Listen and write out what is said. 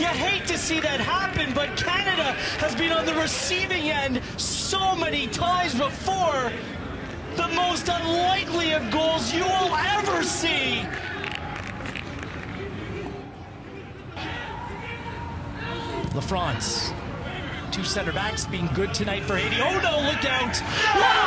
You hate to see that happen, but Canada has been on the receiving end so many times before. The most unlikely of goals you will ever see. LaFrance. Two center backs being good tonight for Haiti. Oh no, look out!